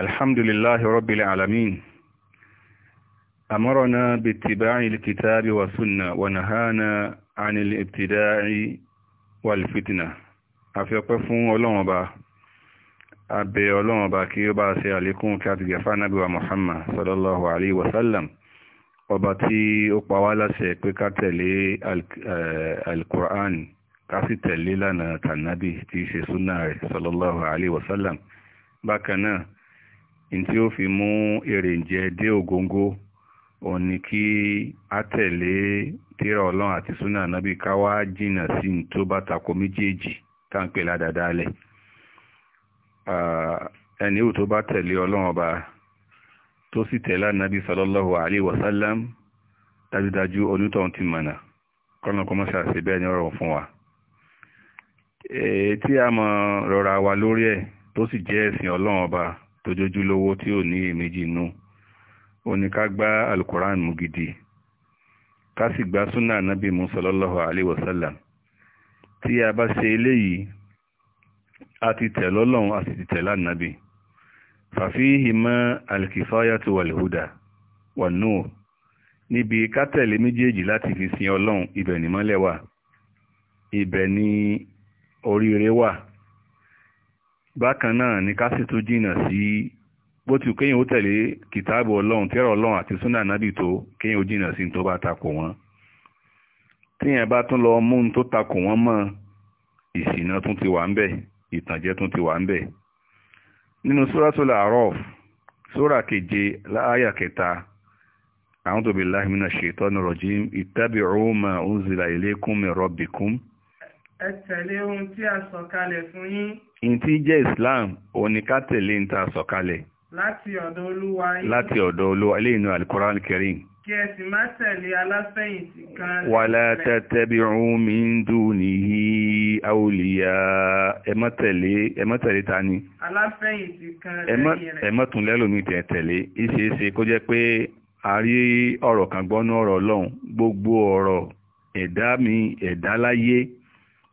الحمد لله رب العالمين أمرنا باتباع الكتاب والسنة ونهانا عن الابتداع والفتنة أفيقف أولوما با أبي أولوما با كي يبا سياليكم كاتب يفعنا بوا محمد صلى الله عليه وسلم ọba tí ó pa wá láṣẹ pé ká tẹ̀lé alukur'an ká sì tẹ̀lé lánàá tí ó fi mú ere nje dé ògóńgó òun ni kí a tẹ̀lé tírà ọlọ́run àti súnà nábì ká wá jìnnà sí ní tó bá tako méjèèjì tá ń pè ládàáda lẹ̀ ẹni ìwò tó bá tẹ̀lé ọlọ́run ọba tó sì wa ànábì wasalam alaihi daju dájúdájú onítọ̀hún ti mọ̀nà kọ́nà kọ́mọ́sà sí bẹ́ẹ̀ ní ọ̀rọ̀ fún wa tí a mọ̀ rọra wa lórí ẹ̀ tó sì jẹ́ ẹ̀sìn ọlọ́run ọba tó jójú lówó tí ò ní èméjì inú ó ní ká gbá alukoran mú gidi ká sì gbá súnà nábì mú sallallahu alaihi wasallam tí a bá ṣe eléyìí a ti tẹ̀ lọ́lọ́run a sì ti tẹ̀ lánàbì fàfíhì mọ́ alkifayatu walhuda wọnú níbi kátẹ̀lé méjèèjì láti fi sin ọlọ́run ibẹ̀ ni mọ́lẹ̀ wà ibẹ̀ ni oríire wà bákan náà ni ká sì tún jìnnà sí bó ti kéyìn ó tẹ̀lé kìtáàbù ọlọ́run tẹ́rọ ọlọ́run àti súnà nábì tó kéyìn ó jìnnà sí tó bá takò wọn tíyẹn bá tún lọ mú tó takò wọn mọ́ ìṣìnà tún ti wà ń bẹ̀ ìtànjẹ tún ti wà ń bẹ̀ nínú suratul A'raf sura keje láàyà kẹta a'udhu billahi minash shaitani rajim ittabi'u ma unzila ilaykum min rabbikum ẹ tẹ̀lé ohun tí a sọ̀kalẹ̀ fún yín ti jẹ́ islam òun ká tẹ̀lé ń ta sọ̀kalẹ̀ láti ọ̀dọ̀ olúwa ilé inú alkùrán kẹrin kí ẹ sì tẹ̀lé mi ń ní àwòlìyà ẹ ta ni lẹ́lòmí ìṣeéṣe kó jẹ́ pé a rí kan gbọ́nú ọ̀rọ̀ ọlọ́run gbogbo ọ̀rọ̀ ẹ̀dá mi ẹ̀dá láyé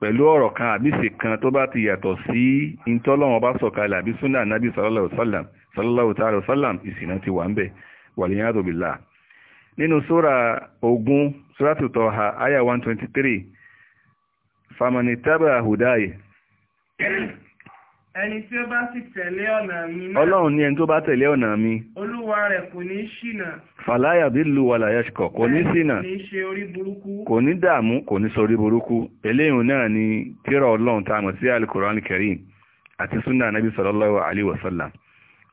pẹ̀lú ọ̀rọ̀ kan àbíṣe kan tó bá ti yàtọ̀ sí ìtọ́lọ́wọ́n bá sọ̀kalẹ̀ àbí súnà nábì sallallahu ta'ala sallam ìsìnà ti wà ń bẹ̀ waliyadu billah nínú sóra ogun 123 famani taba hudaye ẹni tí ó bá sì tẹ̀lé ọ̀nà mi náà ọlọ́run ni ẹni tó bá tẹ̀lé ọ̀nà mi olúwa rẹ̀ kò ní ṣìnà fàláyà bí lu wàlà yẹ́ṣkọ̀ kò ní ṣìnà kò ní dààmú kò ní sọrí burúkú eléyìí náà ni tírà ọlọ́run tá a mọ̀ sí alukoran kẹrin àti sunna anabi sallallahu alaihi wasallam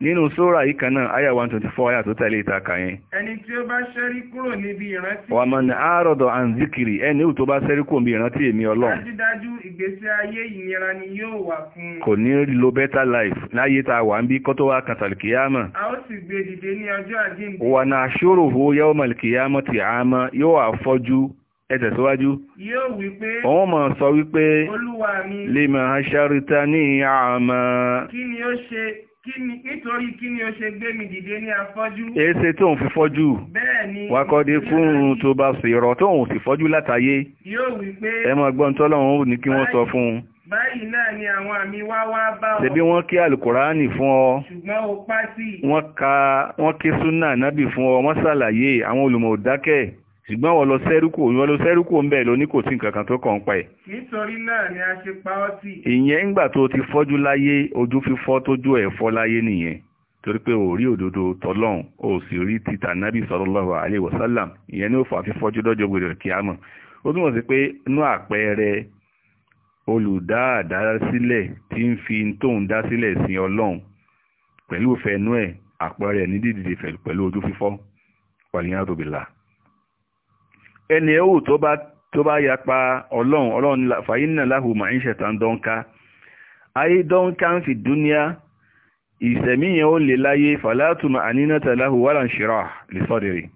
nínú sóra yìí kan náà àyà 124 àyà tó tẹ̀lé ìtaka yẹn. ẹni tí ó bá ṣẹ́rí kúrò níbi ìrántí. wà á mọ̀ ní àárọ̀dọ̀ àn zikiri ẹni tó bá ṣẹ́rí kúrò níbi ìrántí èmi ọlọ́run. dájúdájú ìgbésí ayé ìnira ni yóò wà fún un. kò ní lo better life láyé tá a wà ń bí kó tó wá kan tàlìkìyàmà. a ó sì gbé dìde ní ọjọ́ àjíǹde. wà á náà ṣòro ho yẹ́wọ́ màlìkìyàmà ti àmọ́ yóò àfọ́jú ẹ̀tẹ̀síwájú. Yóò wípé. Wọ́n mọ̀ sọ wípé. Olúwa mi. Lè máa ṣàrìtà ní àmà. Kí ni ó ṣe kíni nítorí kíni ó ṣe gbé mi dìde ní afọ́jú. èéṣe tó ń fi fọ́jú. bẹ́ẹ̀ni wakọ́dé fún tó bá sì rọ̀ tó ń sì fọ́jú látàyé. yóò wí pé. ẹ mọ gbọ́n tọ́lọ́run ó ní kí wọ́n sọ fún un. báyìí náà ni àwọn àmì wá wá bá ọ. ṣebí wọ́n kí alukoraani fún ọ. ṣùgbọ́n o pa sí. wọ́n ka wọ́n kí sunna nábì fún ọ wọ́n ṣàlàyé àwọn olùmọ̀ ṣùgbọ́n wọ́n lọ sẹ́rúkò wọ́n lọ sẹ́rúkò ń bẹ̀ lọ ní kò sí nǹkan kan tó kàn ń pa ẹ̀. nítorí náà ni a ṣe pa ọ́ tì. ìyẹn ńgbà tó ti fọ́jú láyé ojú fífọ́ tójú ẹ̀ fọ́ láyé nìyẹn torí pé ò rí òdodo tọ́lọ́hún ò sì rí títà nábì sallallahu alaihi wasallam ìyẹn ní òfò àfífọ́jú dọ́jọ́ gbèrè kíámọ̀ ó túmọ̀ sí pé inú àpẹẹrẹ olùdáàdásílẹ̀ tí ń fi tóun dá sílẹ̀ sin ọlọ́run pẹ̀lú ìfẹ́nú ẹ̀ àpẹẹrẹ ní dídìde pẹ̀lú ojú fífọ́ wàlíyàn tóbi là ẹni ẹ̀wò tó bá tó bá yapa ọlọ́run ọlọ́run fàyínà láhùmọ̀ ìṣẹ̀tà ń dọ́nká ayé dọ́nká ń fi dúníà ìsẹ̀mí yẹn ó lè láyé fàlátùmọ̀ ànínàtà láhù wàlà ń ṣèrà lè sọ́dẹ̀rẹ̀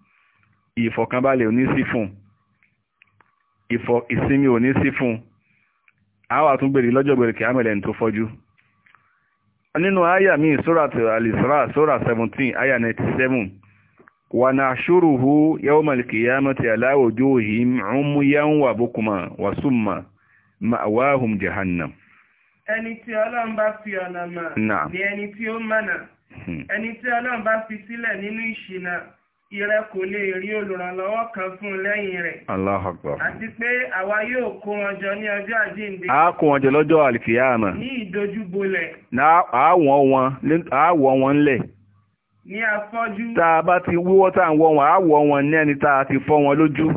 ìfọ̀kànbalẹ̀ ò ní sí fún ìfọ̀ ìsinmi ò ní sí fún àwọn àtúngbèrè lọ́jọ́ gbèrè kí amẹ̀lẹ̀ tó fọ́jú nínú àyà mi sórà àlìsírà sórà 17 àyà 97 ونحشره يوم القيامة على وجوههم عميا وبكما وسما مأواهم جهنم ẹni tí ọlọ́run bá fi ọ̀nà mọ̀ ní ẹni tí ó mọ̀nà hmm. ẹni tí ọlọ́run bá fi sílẹ̀ nínú ìṣìnà ìrẹ kò lè rí olùrànlọ́wọ́ kan fún lẹ́yìn rẹ̀ àti pé àwa yóò kó wọn jọ ní ọjọ́ àjíǹde a wọn jọ lọ́jọ́ àlìkìyàmà ní ní afọ́jú tá a bá ti wúwọ́ tá à ń wọ́ wọn á wọ́ wọn ní ẹni tá a ti fọ́ wọn lójú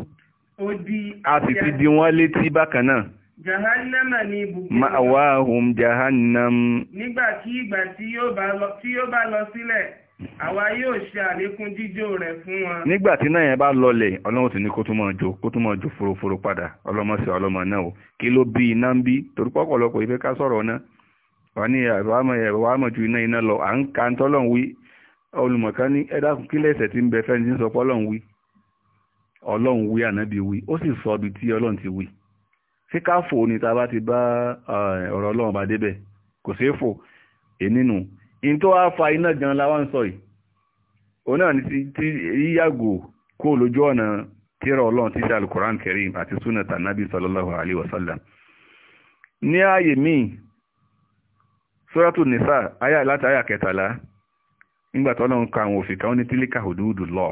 a sì ti di wọ́n létí bákan náà jahannama ni ibùgbé ma wá hùm jahannam nígbà kí ìgbà tí yóò bá lọ sílẹ̀ àwa yóò ṣe àlékún jíjó rẹ̀ fún wọn nígbà tí náà yẹn bá lọlẹ̀ ọlọ́run ti ní kó tún máa jó kó tún máa jó foroforo padà ọlọ́mọsí ọlọ́mọ náà o kí ló bí iná ń bí torí pọ́pọ̀lọpọ̀ ìfẹ́ ká sọ̀rọ̀ náà wà ní ẹ̀rọ àmọ̀ ju iná iná lọ à ń ka ń tọ́lọ̀ wí olùmọ̀ká ní ẹ̀dákun kí lẹ́sẹ̀ tí ń bẹ fẹ́ni tí ń sọ pé ọlọ́run wí ọlọ́run wí ànábì wí ó sì sọ ibi tí ọlọ́run ti wí ṣé ká fò ní ta bá ti bá ọ̀rọ̀ ọlọ́run bá débẹ̀ kò ṣeé fò ènínú in tó wá fa iná gan la wá ń sọ yìí òun náà ní ti yíyàgò kó lójú ọ̀nà tírà ọlọ́run títí alukoran kerim àti sunna tanabi sallallahu alayhi wa sallam ní ààyè míì sóràtù nìsà láti àyà kẹtàlá nígbà tó ọlọ́run ka àwọn òfin kan ó ní tílíkà òdúdú lọ.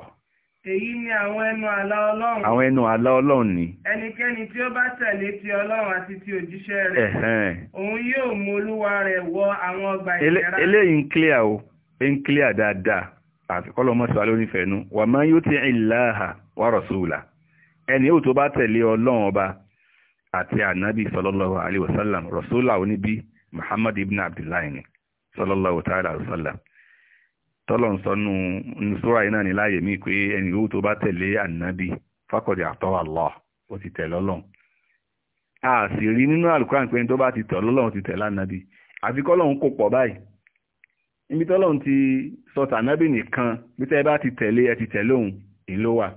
èyí ni àwọn ẹnu àlá ọlọ́run. àwọn ẹnu àlá ọlọ́run ni. ẹnikẹ́ni tí ó bá tẹ̀lé ti ọlọ́run àti ti òjíṣẹ́ rẹ̀. òun yóò mú olúwa rẹ̀ wọ àwọn ọgbà ìdẹ̀ra. eléyìí ń clear o ń clear dáadáa àti kọ́lọ́ mọ́ sọ́ọ́ lónífẹ̀ẹ́ nu wà máa yóò ti ìlàhà wà rọ̀ṣùlà ẹni yóò tó bá tẹ̀lé ọlọ́run ọba àti alaihi wasallam rọ̀ṣùlà oníbí Muhammad ibn Abdullahi ni sallallahu ta'ala wasallam tọ́lọ̀ ń sọnù nùsúra iná ní láàyè mí pé ẹni yòówù tó bá tẹ̀lé ànábì fákọ̀dé àtọ́ Allah ó ti tẹ̀lé ọlọ́run a sì rí nínú àlùkùránì pé tó bá ti tẹ̀ ọlọ́run ti tẹ̀lé ànábì àfi kọ́lọ́run kò pọ̀ báyìí ibi tọ́lọ́run ti sọ tànábì nìkan bí tẹ́ bá ti tẹ̀lé ẹ ti tẹ̀lé òun ìlú wà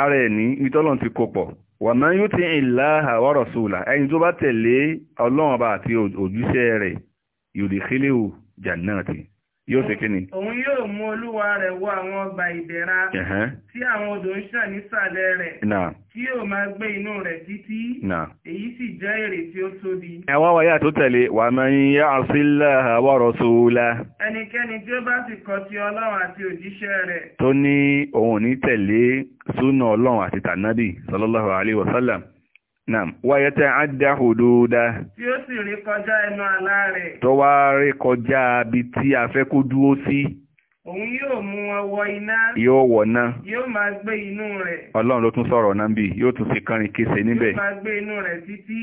ara ẹ̀ ní ibi tọ́lọ́run ti kò pọ̀ wà máa yóò ti ìlàhà wa rasula ẹni tó bá tẹ̀lé ọlọ́run àti òjúṣe rẹ̀ yòdìkílẹ̀ ò jannati yóò ṣe kí ni. òun yóò mú olúwa rẹ̀ wọ àwọn ọgbà ìdẹ̀ra tí àwọn odò ń ṣàn nísàlẹ̀ rẹ̀ tí yóò máa gbé inú rẹ̀ títí èyí sì jẹ́ èrè tí ó tóbi. ẹ̀wọ́n wáyà tó tẹ̀lé wà máa ń yá àṣìlá wa rasula. ẹnikẹ́ni tí ó bá sì kọ̀ sí ọlọ́run àti òjíṣẹ́ rẹ̀. tó ní òun ní tẹ̀lé súnà ọlọ́run àti tànábì sallallahu alaihi wasallam Nam, wà yẹ́ tẹ́ àdá òdòdá. Tí ó sì rí kọjá ẹnu àlá rẹ̀. Tó wá rí kọjá bí tí a fẹ́ kó dúró sí. Òun yóò mú wọn wọ iná. Yóò wọ̀ ná. Yóò máa gbé inú rẹ̀. Ọlọ́run ló tún sọ̀rọ̀ náà bí yóò tún fi kánrin kése níbẹ̀. Yóò máa gbé inú rẹ̀ títí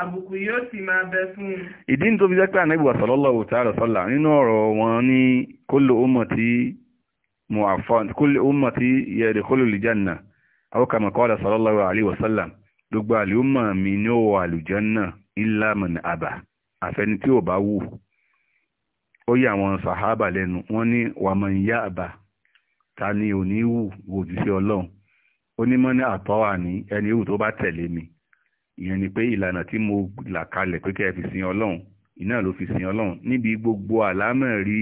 àbùkù yóò sì máa bẹ fún un. Ìdí ní tó fi jẹ́ pé ànábì wa sallallahu ta'ala sọ́là nínú ọ̀rọ̀ wọn ní kullu ummati mu'affan kullu ummati yadkhulul janna aw kama qala sallallahu alaihi wa sallam gbogbo àlùmọ̀ mi ní ọ̀wọ̀ àlùjànnà illa man àbà àfẹni tí ò bá wù ó yà àwọn sàhábà lẹ́nu wọ́n ní wàmọ̀n yá àbà ta ni ò ní wù òjíṣẹ́ ọlọ́run ó ní mọ́ ní àtọ́wà ní ẹni wù tó bá tẹ̀lé mi ìyẹn ni pé ìlànà tí mo là kalẹ̀ pé kẹ́ ẹ fi sin ọlọ́run iná ló fi sin ọlọ́run níbi gbogbo àlámọ̀rí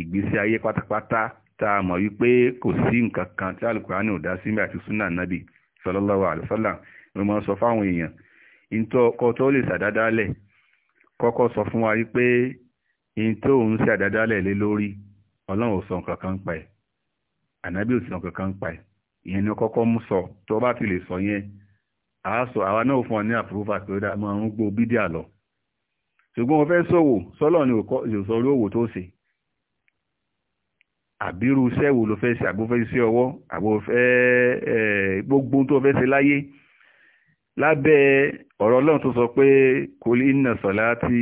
ìgbésí ayé pátápátá tá a mọ̀ wípé kò sí nǹkan kan tí alukura ní ò dá sí mi àti sunnah nabi sallallahu alaihi mo máa sọ fáwọn èèyàn kọ́ tó lè ṣàdádálẹ̀ kọ́kọ́ sọ fún wa wípé in tó ń ṣe àdádálẹ̀ lé lórí ọlọ́run ò sọ nǹkan kan pa ẹ̀ ànábì ò sọ nǹkan kan pa ẹ̀ ìyẹn ni kọ́kọ́ mú sọ tó bá ti lè sọ yẹn àásọ àwa náà fún ọ ní àpúrúfà pé ó máa ń gbó bídíà lọ ṣùgbọ́n o fẹ́ ṣòwò sọ́lọ̀ ni ò sọ orí òwò tó ṣe àbírú iṣẹ́ wo ló fẹ́ ṣe àbófẹ́ iṣẹ́ ọwọ́ àbófẹ́ gbogbo tó fẹ́ ṣe láyé lábẹ́ ọ̀rọ̀ ọlọ́run tó sọ pé kul inna salati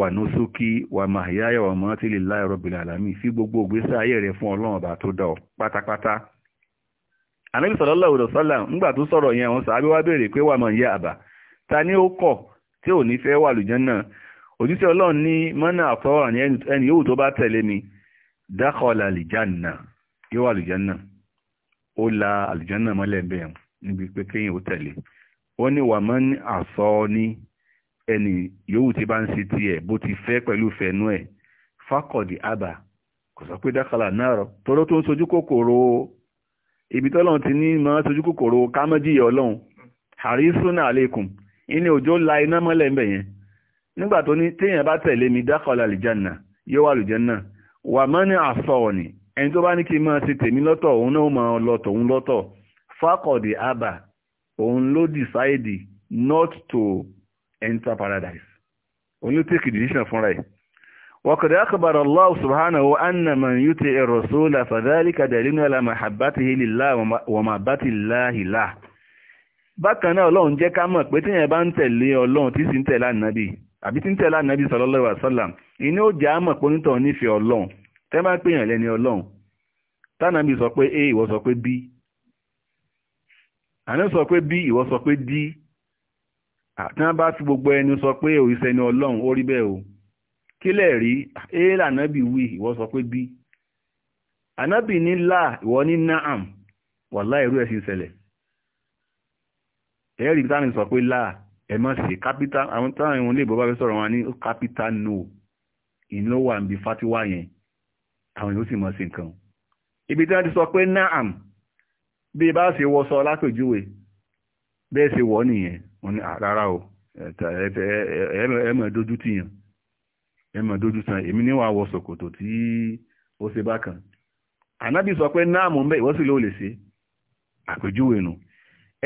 wa nusuki wa mahyaya wa mamati lillahi rabbil alamin sí gbogbo ògbésẹ̀ ayé rẹ̀ fún ọlọ́run ọba tó dá ọ pátápátá ànábì sallallahu alaihi wasallam ńgbà tó sọ̀rọ̀ yẹn òun sàábí wá béèrè pé wà man ya'ba ta ni ó kọ̀ tí ò ní fẹ́ wà lùjánnà òjíṣẹ́ ọlọ́run ní mọ́nà àtọ́wà ní ẹni yóò tó ó ní wà mọ́ ní àsọ ní ẹni yòówù tí bá ń ṣe tiẹ̀ bó ti fẹ́ pẹ̀lú fẹ̀nú ẹ̀ fákọ̀dì àbà kò sọ pé dákàlà náà rọ tọ́lọ́ tó ń sojú kòkòrò ibi tọ́lọ́run ti ní máa sojú kòkòrò kámọ́jìyà ọlọ́run harisuna aleikum ilé òjò la iná mọ́lẹ̀ ń bẹ̀ yẹn nígbà tó ní téèyàn bá tẹ̀lé mi dákọ̀ọ́lá àlùjánnà yóò wà àlùjánnà wà mọ́ ní àsọ ọ̀nì ẹni tó bá ní kí n máa ṣe tèmi lọ́tọ̀ òun náà máa lọ tòun lọ́tọ̀ fákọ̀dì àbà onlo ló decide not to enter paradise òun ló take decision from right وقد أخبر الله سبحانه أن من يطيع الرسول فذلك دليل على محبته لله ومحبة الله له bákan náà ọlọ́run jẹ́ ká mọ̀ pé tíyẹn bá ń tẹ̀lé ọlọ́run tí sì ń tẹ̀lé ànábì àbí tí ń tẹ̀lé ànábì sallallahu alaihi wasallam inú ó jẹ́ àmọ̀ pé onítọ̀ nífẹ̀ẹ́ a b àná sọ pé bí ìwọ sọ pé dí àti wọn bá fi gbogbo ẹnu sọ pé òyìṣẹ́ ni ọlọ́run ó rí bẹ́ẹ̀ o kí lẹ̀ rí éèlà ànábì wí ìwọ sọ pé bí ànábì ní là ìwọ ní naam wàlá irú ẹ̀ sì ń ṣẹlẹ̀ ẹ̀rí táwọn sọ pé là ẹ̀ mọ̀ sí kápítà àwọn táwọn ìwọ̀n lè bọ́ bá fẹ́ sọ̀rọ̀ wọn ní kápítà no ìlú wà níbi fátíwá yẹn àwọn ìlú sì mọ̀ sí nǹkan ibi tí wọ́n ti sọ pé naam bí bá wọ wọṣọ lápèjúwe bẹ́ẹ̀ ṣe wọ̀ nìyẹn wọn ni rárá o ẹ mọ̀ dojú tìyàn ẹ mọ̀ dojú tàn èmi níwà wọ ṣòkòtò tí ó ṣe bákan ànábì sọ pé náà mọ̀ ń bẹ́ ìwọ́sí ló lè ṣe àpèjúwe nù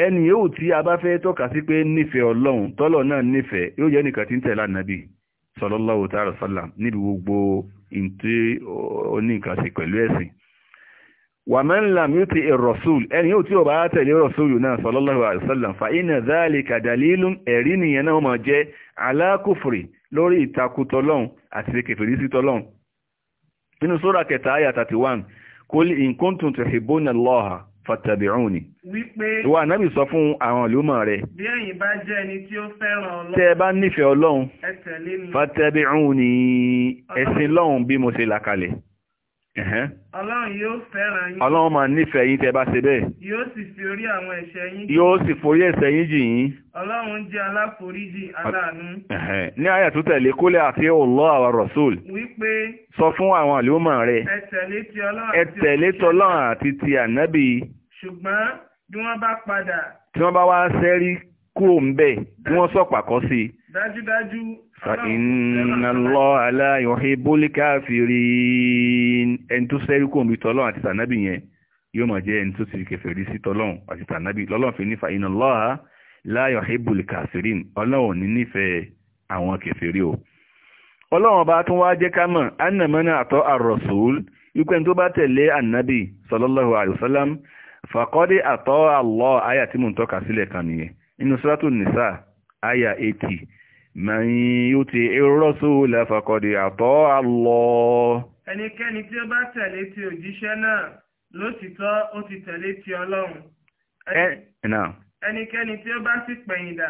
ẹni yóò tí a bá fẹ́ tọ́ka sí pé nífẹ̀ẹ́ ọlọ́run tọ́lọ̀ náà nífẹ̀ẹ́ yóò jẹ́ nìkan tí ń tẹ̀lé ànábì níbi gbogbo ìntí oníkan ṣe pẹ̀lú ẹ̀sìn wà man lam yuti ar-rasul ẹni yóò tí ó bá tẹ̀lé rọ̀súlù náà sallallahu alaihi wasallam fa inna dhalika dalilun ẹ̀rí nìyẹn náà máa jẹ́ ala kufri lórí ìtakùtọ̀lọ́hun àti kèfèrí sí tọ́lọ́hun nínú sura kẹta ayà 31 qul in kuntum tuhibbuna allaha fattabi'uni wípé ìwà ànábì sọ fún àwọn ìlúmọ̀ rẹ̀ bí ẹ̀yin bá jẹ́ ẹni tí ó fẹ́ràn ọlọ́run tẹ́ ẹ bá nífẹ̀ẹ́ ọlọ́run fattabi'uni ẹ̀sìn lọ́hun bí mo ṣe làkalẹ̀ Ọlọ́run yóò fẹ́ràn yín. Ọlọ́run máa nífẹ̀ẹ́ yín tẹ́ bá ṣe bẹ́ẹ̀. Yóò sì fi orí àwọn ẹ̀ṣẹ̀ yín jì. Yóò sì forí ẹ̀ṣẹ̀ yín jì yín. Ọlọ́run jẹ́ aláforíjì aláàánú. Ní àyà tó tẹ̀lé kólé àti Allah àwa Rasul. Wípé. Sọ fún àwọn àlùmọ̀ rẹ̀. Ẹ tẹ̀lé ti Ọlọ́run àti ti. Ẹ tẹ̀lé ti Ọlọ́run àti ti ànábì. Ṣùgbọ́n bí wọ́n bá padà. Tí wọ́n bá wá sẹ́rí kúrò ń bẹ̀, bí wọ́n sọ̀pàkọ́ sí. Dájúdájú فإن الله لا يحب الكافرين ẹni tó ṣẹ́rí kò ń bí tọ́lọ́run àti tànábì yẹn yóò máa jẹ́ ẹni tó sì kèfèrí sí tọ́lọ́run àti tànábì lọ́lọ́run fi ní فإن الله لا يحب الكافرين ọlọ́run ní nífẹ̀ẹ́ àwọn kèfèrí o ọlọ́run bá tún wá jẹ́ ká mọ̀ anamọ́nà àtọ́ ar-rasul ikú tó bá tẹ̀lé annabi sallallahu alayhi wa sallam fàkọ́dé àtọ́ Allah àyà tí mò ń tọ́ka sílẹ̀ kan nìyẹn nínú suratu nisa àyà 80 man yuti ir-rasula faqad ata Allah. ẹnikẹ́ni tí ó bá tẹ̀lé ti òjíṣẹ́ náà lótìtọ́ ó ti tẹ̀lé ti ọlọ́run. ẹnikẹ́ni tí ó bá sì pẹ̀yìndà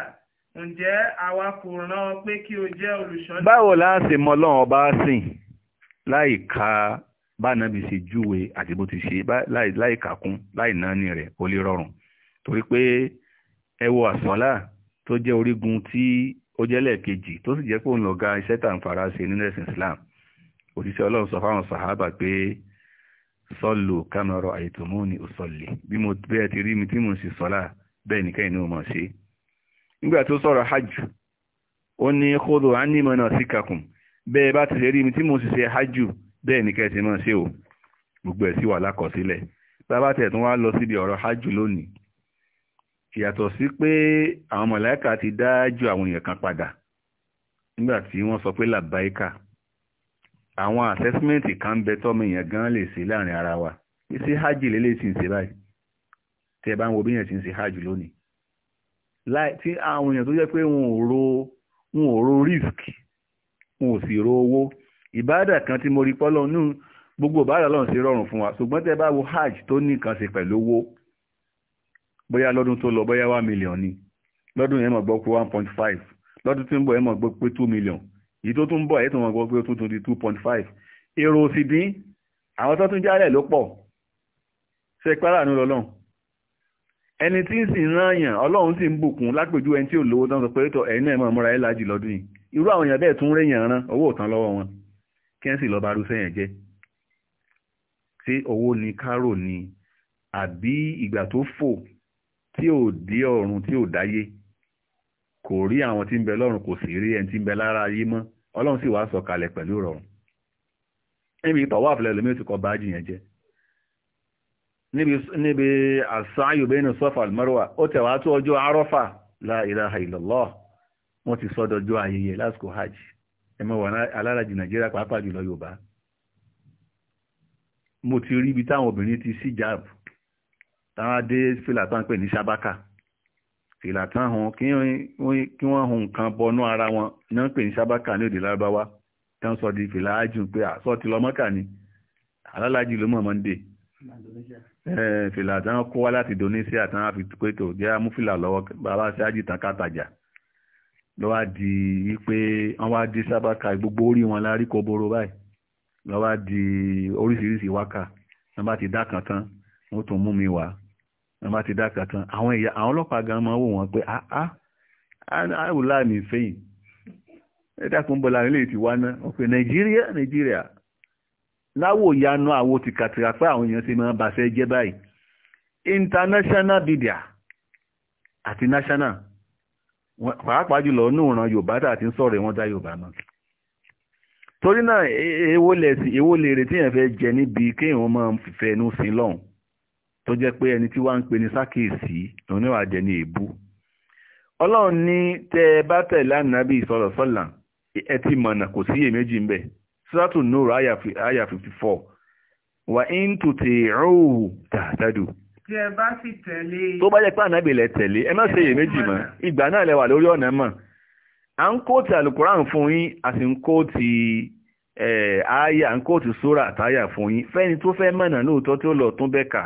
ǹjẹ́ àwa kò rán ọ pé kí o jẹ́ olùṣọ́lá. báwo la ṣe mọ ọlọ́run ọba sìn láìka bánabi ṣe júwe àti bó ti ṣe láìka kún láìnáni rẹ̀ ó lè rọrùn torí pé ẹ wo àsọ́lá tó jẹ́ orígun tí ó jẹ́ lẹ́ẹ̀kejì tó sì jẹ́ pé òun lọ́gá iṣẹ́ tà ń fara ṣe nínú ẹ̀sìn Islam òṣìṣẹ́ ọlọ́run sọ fáwọn sàhábà pé sọ́lù kámẹ́rọ àìtòmú ni ò sọ̀lẹ̀ bí mo bẹ́ẹ̀ ti rí mi tí mo sì sọ́lá bẹ́ẹ̀ ní kẹ́yìn ní mo mọ̀ ṣe nígbà tó sọ̀rọ̀ hajj ó ní kódò ánímọ̀ náà sí kakùn bẹ́ẹ̀ bá ti rí mi tí mo sì ṣe hajj bẹ́ẹ̀ ní kẹ́yìn ti mọ̀ ṣe o gbogbo ẹ̀ sì wà lákọsílẹ̀ tá a bá tẹ̀ tún wá lọ síbi ọ̀rọ̀ hajj lónìí yàtọ̀ sí pé àwọn mọ̀láìkà ti dájú àwọn èèyàn kan padà nígbà tí wọ́n sọ pé làbáìkà àwọn àsẹ́símẹ́ǹtì kan ń bẹ tọ́mọ èèyàn gan lè ṣe láàrin ara wa bí sí hajj lélẹ́ sì ń ṣe báyìí tẹ́ bá ń wo bí èèyàn ti ń ṣe hajj lónìí láì tí àwọn èèyàn tó jẹ́ pé wọn ò ro risk wọn ò sì ro owó ìbáàdà kan tí mo rí pọ́lọ́ nù gbogbo ìbáàdà lọ́run ṣe rọrùn fún wa ṣùgbọ́n tẹ́ bá wo hajj tó ní nǹkan ṣe pẹ̀lú owó bóyá lọ́dún tó lọ bóyá one million ni lọ́dún yẹn mọ̀ gbọ́ pé one point five lọ́dún tó ń bọ̀ yẹn mọ̀ gbọ́ pé two million èyí tó tún bọ̀ yẹn tó mọ̀ gbọ́ pé two point five èrò òsì dín àwọn tó tún jálẹ̀ ló pọ̀ ṣe pẹ́rà ní ọlọ́run ẹni tí ń sì ń ráyàn ọlọ́run sì ń bùkún lápèjú ẹni tí ò lówó tán sọ pé tó ẹ̀yin náà mọ̀ múra ẹ̀ lájì lọ́dún yìí irú àwọn èèyàn bẹ́ẹ̀ tún réyàn rán owó òtán lọ́wọ́ wọn kí wọ́n sì lọ́ọ́ barú sẹ́yìn jẹ́ ṣé owó ni kárò ni àbí ìgbà tó fò tí ò dí ọrùn tí ò dáyé kò rí àwọn tí ń bẹ lọ́run kò sì rí ẹni tí ń bẹ lára ayé mọ́ ọlọ́run sì wá sọ kalẹ̀ pẹ̀lú rọrùn níbi tọ̀wọ́ àfẹ́lẹ́ lómi kọ bá yẹn jẹ níbi àsáyò sọ́fà ó tó ọjọ́ arọ́fà ti ayẹyẹ lásìkò hajj alárajì nàìjíríà pàápàá jùlọ yorùbá mo ti rí ibi táwọn obìnrin ti táwọn adé fìlà tán pè ní sábàkà fìlà tán hun kí wọ́n hun nǹkan bọnú ara wọn ní wọ́n pè ní sábàkà ní òde lárúbáwá tán sọ di fìlà ájù pé àsọ ti lọ mọ́kà ni alálàájì ló mọ̀ mọ́ndé fìlà tán kó wá láti Indonesia tán á fi pé tó jẹ́ amúfìlà lọ́wọ́ bàbá ṣáájì tán kàtàjà ló wá di wípé wọ́n wá di sábàkà gbogbo orí wọn la rí koboro báyìí ló wá di oríṣiríṣi wákà wọ́n bá ti dá kan tán wọ́n tún mú mi wá wọn bá ti dáka tán àwọn ìyá àwọn ọlọ́pàá gan máa wò wọ́n pé ah ah àwòlá ah, ah, ní ìfẹ́ yìí ẹ dákun bọ́lá ilé ti wá ná wọn pé nàìjíríà nàìjíríà láwò yanu àwo tìkàtìkà pé àwọn èèyàn ti máa bàṣẹ jẹ́ báyìí international media àti national pàápàá jùlọ ní ìran yorùbá tá a ti ń sọ̀rọ̀ ìwọ̀n dá yorùbá náà torí náà èwo e, lẹ̀sìn e, èwo lèrè tí èèyàn fẹ́ jẹ níbi kéèyàn máa fìfẹ́ inú sí lọ́hùn tó jẹ́ pé ẹni tí wọ́n ń pè ní sákèsí òun náà ní èébú ọlọ́run ní tẹ́ bá tẹ̀lé ànábì sọ̀rọ̀ sọ́là ẹ ti mọ̀nà kò sí èméjì ńbẹ̀ sọ́tù àyà 54 wà ń tùtì rúù tàdádù tó bá jẹ́ pé ànábì lẹ tẹ̀lé ẹ má ṣe mọ́ ìgbà náà lẹ lórí ọ̀nà à ń kóòtì tó fẹ́ mọ̀nà lóòótọ́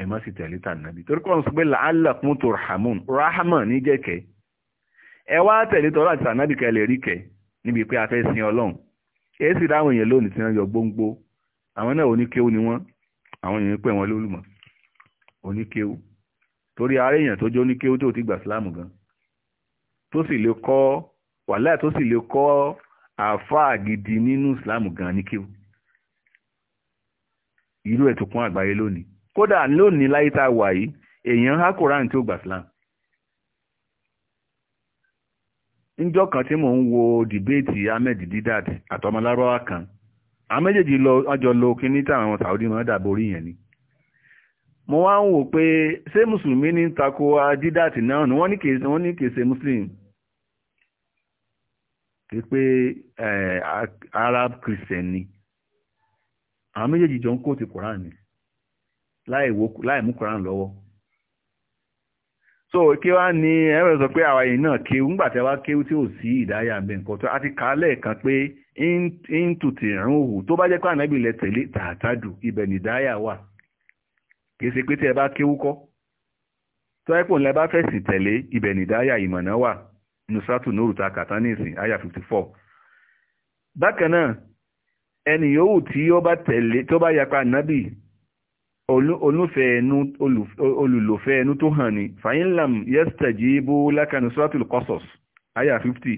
ẹ má sì tẹ̀lé tà nàbí torí kọ́ ń sọ pé làálà kún tó rahamun rahama ní jẹ́kẹ́ ẹ wá tẹ̀lé tọ́lá àti tànàbí kẹ́ lè rí kẹ́ níbi pé a fẹ́ sin ọlọ́run èyí sì dáhùn èèyàn lónìí tí wọ́n yọ gbóngbó àwọn náà oníkéwú ni wọ́n àwọn èèyàn pè wọ́n lólùmọ̀ oníkéwú torí ara èèyàn tó jẹ́ oníkéwú tó ti gbà síláàmù gan tó sì lè kọ́ wàhálà tó sì lè kọ́ àáfàá gidi nínú síláàmù gan níkéwú irú ẹ̀ tó kún àgbáyé lónìí kódà lónìí láyé tá a wà yìí èèyàn há koran tí ó gbà Islam níjọ́ kan tí mò ń wo dìbéètì Ahmed Didat àtọmọlárọ́wá kan àwọn méjèèjì lọ ọjọ́ lo kíní táwọn Saudi máa dàborí yẹn ni mo wá ń wò pé ṣé mùsùlùmí ní tako Didat náà ni wọ́n ní kèsè wọ́n ní kèsè muslim pé eh, Arab Christian ni àwọn méjèèjì jọ ń kóòtù Quran ni láì mú koran lọ́wọ́ so kí wá ní ẹ̀rọ sọ pé àwa yìí náà kéwú ńgbà tí a kéwú tí sí ìdáyà bẹ nǹkan tó a ti kà á lẹ́ẹ̀kan pé ń tùtì rún òhù tó bá jẹ́ pé ànábì lẹ tẹ̀lé tààtàdù ibẹ̀ ní ìdáyà wà kìí ṣe pé tí ẹ bá kéwú kọ́ tó ẹ́ pò bá fẹ̀sì tẹ̀lé ibẹ̀ ní ìdáyà ìmọ̀nà wà nusratu noru ta kàtá ní àyà 54 bákan náà ẹni yòówù tí ó bá tẹ̀lé tó bá yapa olùlòfẹ́ ẹnu tó hàn ní fàyínlàm yastajibu lákàánú suratul Qasas àyà 50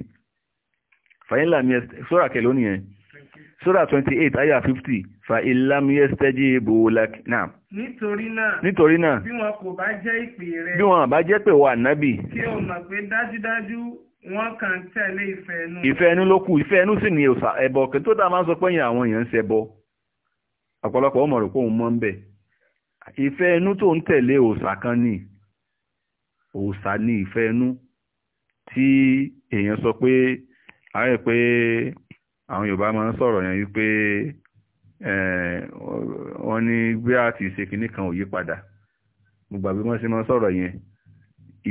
fàyínlàm sura kẹlò nìyẹn sura 28 àyà 50 fàyínlàm yastajibu lákàánú. nítorí náà nítorí náà bí wọn kò bá jẹ́ ìpè rẹ bí wọn bá jẹ́ pé wà nábì. kí o mọ̀ pé dájúdájú wọ́n kàn tẹ̀lé ìfẹ́ ẹnu. ìfẹ́ ẹnu ló kù ìfẹ́ ẹnu sì ni ẹ̀bọ̀ kí tó dáa máa ń sọ pé àwọn ìfẹ́ inú tó ń tẹ̀lé òòṣà kan ni òòṣà ni ìfẹ́ inú tí èèyàn sọ pé ààrẹ pé àwọn Yorùbá máa ń sọ̀rọ̀ yẹn wípé wọ́n ní gbé àti ìṣe kìíní kan ò yí padà gbogbo àbí wọ́n ṣe máa ń sọ̀rọ̀ yẹn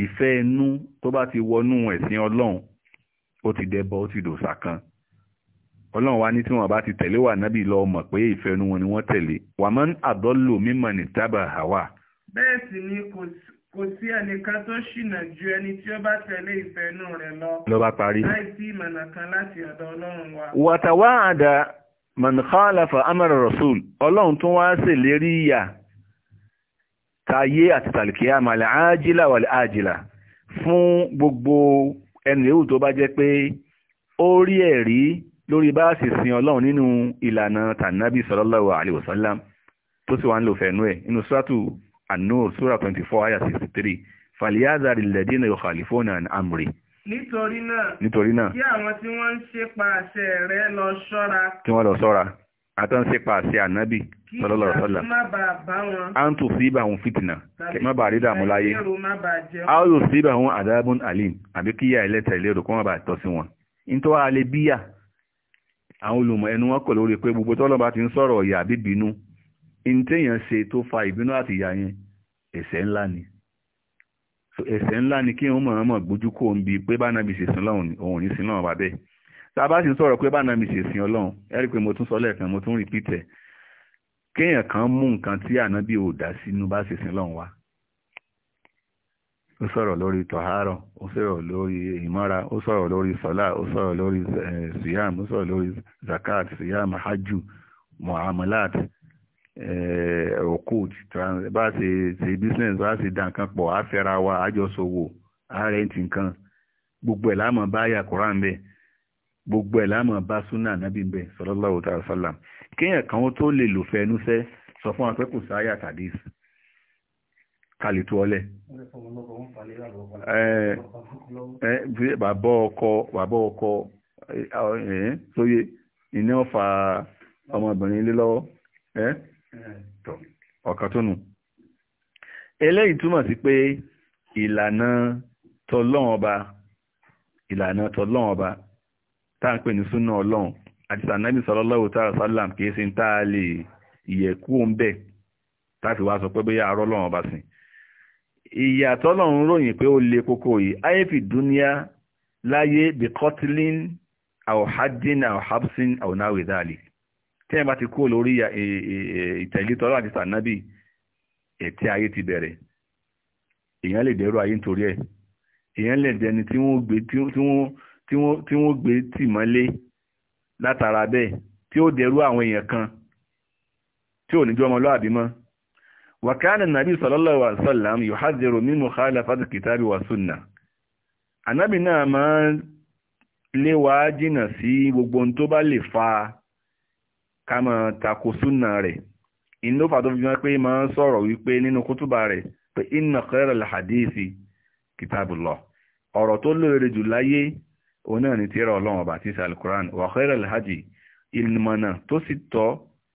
ìfẹ́ inú tó bá ti wọnú ẹ̀sìn Ọlọ́run ó ti dẹbọ ó ti dòòṣà kan ọlọ́run wa ní tí wọ́n bá ti tẹ̀lé wà nábì lọ mọ̀ pé ìfẹ́nu wọn ni wọ́n tẹ̀lé wàmọ́ àdọ́lò mímọ̀ ní tábà àwà. bẹ́ẹ̀ sì ni kò sí ẹnìkan tó ṣìnà ju ẹni tí ó bá tẹ̀lé ìfẹ́nu rẹ̀ lọ. ló parí. láì ìmọ̀nà kan láti ọ̀dọ̀ ọlọ́run wa. wàtàwá àdá mọ̀nìkànláfà amara rasul ọlọ́run tún wá ṣèlérí ìyà tayé àti tàlìkìyà màlẹ̀ ájílà wàlẹ̀ ájílà fún gbogbo ẹnìyẹ̀wò tó bá jẹ́ pé ó rí ẹ̀rí lórí bá a sì sin ọlọ́run nínú ìlànà tànàbí sallallahu alaihi wasallam tó sì wá ń lò fẹ̀nú ẹ̀ nínú suratu an-nur sura twenty four ayah sixty three falyadhari alladhina yukhalifuna an amri nítorí náà nítorí náà kí àwọn tí wọ́n ń ṣepa àṣẹ rẹ̀ lọ ṣọ́ra kí wọ́n lọ ṣọ́ra àtọ́ ń ṣepa àṣẹ sọlọ́lọ́rọ̀ sọ́là a sí ibà òun fìtìnà má bàa rídà mú láyé a ó yóò sí ibà òun àdábùn alim àbí kíyà ẹlẹ́tà ìlérò kó má bàa tọ́ sí wọn nítorí a lè bíyà àwọn olùmọ̀ ẹnu wọn kò lórí pé gbogbo tọ́lọ́ba ti ń sọ̀rọ̀ ìyà bíbínú ní téèyàn ṣe tó fa ìbínú àti ìyà yẹn ẹ̀ṣẹ̀ ńlá ni ẹ̀ṣẹ̀ ńlá ni kí wọ́n mọ̀ọ́mọ̀ gbójú kó ń bi pé bánàbí ṣe sin lọ́hùn òun ní sin náà bàbẹ́ tá a bá sì ń sọ̀rọ̀ pé bánàbí ṣe sin ọlọ́hun ẹ rí i pé mo tún sọ lẹ́ẹ̀kan mo tún rìpítẹ̀ kéèyàn kan mú nǹkan tí ànábì ò dá sínú bá ṣe sin lọ́hùn wa ó sọ̀rọ̀ lórí tọ̀hárọ̀ ó sọ̀rọ̀ lórí ìmọ́ra ó sọ̀rọ̀ lórí sọ́lá ó sọ̀rọ̀ lórí eh, siyam ó sọ̀rọ̀ lórí zakat siyam hajju muamalat okut eh, bá ṣe ṣe business bá ṣe dá nǹkan pọ̀ àfẹ́ra wa àjọṣòwò àrẹ́ǹtì nǹkan gbogbo ẹ̀ láàmọ̀ bá yà Kùránì bẹ́ẹ̀ gbogbo ẹ̀ láàmọ̀ bá súnà nábì bẹ́ẹ̀ sallallahu ta'ala sallam kéèyàn kan ó tó lè lò fẹ́ ẹnu fẹ́ sọ fún wa sáyà tàdís kalẹ̀ tó ọlẹ̀ bàbá ọkọ bàbá ọkọ sóyè iná fa ọmọbìnrin lé lọ́wọ́ ọ̀kan tó nù eléyìí túmọ̀ sí pé ìlànà tọlọ́run ọba ìlànà tọlọ́run ọba tá à ń pè ní súnà ọlọ́run àti sànàbì sallallahu ta'ala sallam kìí sí tá a lè yẹ̀kú òun bẹ̀ láti wá sọ pé bóyá arọ́ ọlọ́run sìn ìyàtọ̀ lọ́run ròyìn pé ó le kókó yìí ayé fi dúníà láyé bí kọtílín àwòhádín àwòhábsín àwònáwè dáàlì tí ẹ bá ti kó lórí ìtẹ̀lé tọ́lọ́ àti sànábì ẹ̀tẹ́ ayé ti bẹ̀rẹ̀ èèyàn lè dẹ́rù ayé nítorí ẹ̀ èèyàn lè dẹni tí wọ́n gbé tí látara bẹ́ẹ̀ tí ó dẹ́rù àwọn èèyàn kan tí ò ní jọmọlúàbí mọ́ وكان النبي صلى الله عليه وسلم يحذر من مخالفة الكتاب والسنة Ànábì náà máa lé wa jìnà sí gbogbo ohun tó bá lè fa ká máa tako súnà rẹ̀ inú fà tó fi wọ́n pé máa ń sọ̀rọ̀ wípé nínú kútùbà rẹ̀ pé inna khairal hadisi kitabullah ọ̀rọ̀ tó lóore jù láyé òun náà ni tírà Ọlọ́run ọba tí sàlùkùrán wa khairal hadi ìlmọ̀nà tó sì tọ́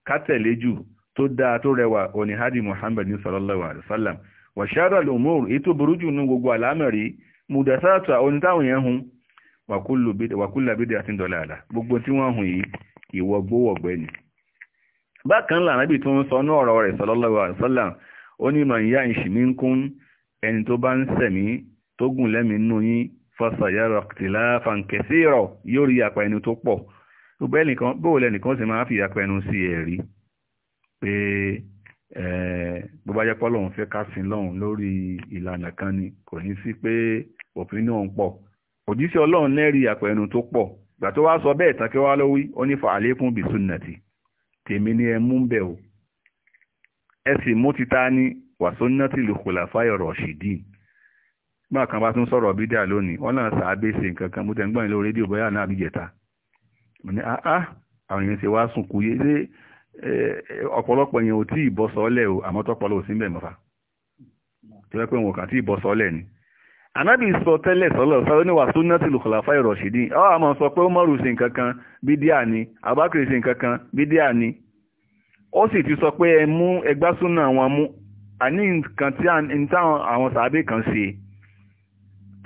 ká tẹ̀lé jù tó dáa tó rẹwà òní hadi muhammad ní sallallahu alaihi wasallam wa sharra al-umur ètò burújù ní gbogbo àlámẹ̀rí mudasatu òní táwọn yẹn hun wa kullu bid'atin dalalah gbogbo tí wọ́n hun yìí ìwọ gbówọ̀gbẹ́ ni bákan lára bí tó ń sọ ní ọ̀rọ̀ rẹ̀ sallallahu alaihi wasallam ó ní man ya'ish minkum ẹni tó bá ń sẹ̀mí tó gùn lẹ́mìí nù yín fasayara ikhtilafan kaseera yóò pé bó bá jẹ́ pé Ọlọ́run fẹ́ ká sin lọ́hùn lórí ìlànà kan ni kò ní sí pé opinion pọ̀ òjíṣẹ́ Ọlọ́run lẹ́rìí àpẹẹnu tó pọ̀ gbà tó wá sọ bẹ́ẹ̀ tán kí wá ló wí ó ní fa àlékún bí sunnati tèmi ni ẹ mú bẹ̀ o ẹ sì mú títa ní wa sunnati lil khulafai rashidin gbọ́n kan bá tún sọ̀rọ̀ bídà lónìí wọ́n náà sàábé ṣe nǹkan kan mútẹ́ ń gbọ́n lórí rédíò bóyá náà àbíjẹta mo àwọn èèyàn ṣe wá sùn kúyé ọ̀pọ̀lọpọ̀ yẹn ò tí ì bọ́ sọ́ọ́lẹ̀ o àmọ́ tọ́pọ̀lọ́ ò sí mbẹ̀ mọ́fà tó yẹ pé wọn kà tí ì bọ́ sọ́ọ́lẹ̀ ni anábì sọ tẹ́lẹ̀ sọ́lọ̀ sáré níwà súnátì lùkọ̀láfà ìrọ̀ṣìdì ọ àmọ́ sọ pé ó mọ̀rù sí nǹkan kan bídíà ni abákiri sí nǹkan kan bídíà ni ó sì ti sọ pé ẹ mú ẹgbá súnà wọn mú àní nǹkan tí àwọn sàábé kan ṣe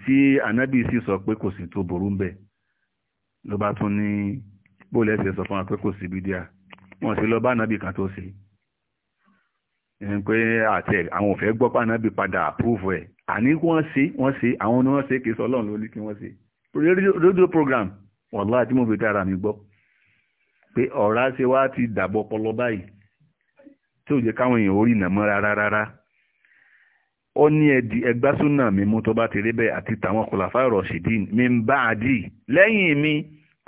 tí anábì sì sọ pé kò sí tó burú ń bẹ̀ ló bá tún ní bó lẹ́sẹ̀ sọ fún wa pé kò sí bídíà wọ́n sì lọ bá nábì kan tó ṣe pé àti àwọn òfẹ́ gbọ́ pa nábì padà àpúrúfù ẹ̀ àní wọ́n ṣe wọ́n ṣe àwọn ni wọ́n ṣe kì í sọ ọlọ́run ló kí wọ́n ṣe rédíò program wàláhì tí mo fi dára mi gbọ́ pé ọ̀rá ṣe wá ti dàbọ̀ ọpọlọ báyìí tí ò jẹ́ káwọn èèyàn orí ìnà mọ́ rárá rárá ó ní ẹ̀dì ẹgbásúnà mímú tó bá ti rí bẹ́ẹ̀ àti tàwọn kòlàfà rọ̀ṣìdín mi ń bá àdì lẹ́yìn mi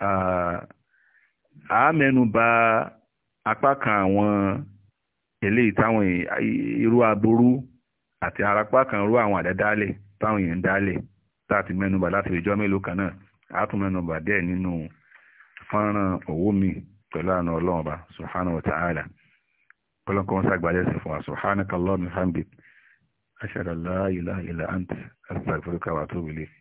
a mẹ́nuba apá kan àwọn eléyìí táwọn irú aburú àti apá kan irú àwọn àdádálẹ̀ táwọn èèyàn ń dálẹ̀ tá a ti mẹ́nuba láti ọjọ́ mélòó kan náà a tún mẹ́nuba díẹ̀ nínú fọ́nrán owó mi pẹ̀lú àna ọlọ́run ọba subhanahu wa ta'ala kọ́lọ́kọ́ sàgbàlẹ̀ sí fún wa subhanaka allahumma hamdik ashhadu an la ilaha illa anta astaghfiruka wa atubu ilayk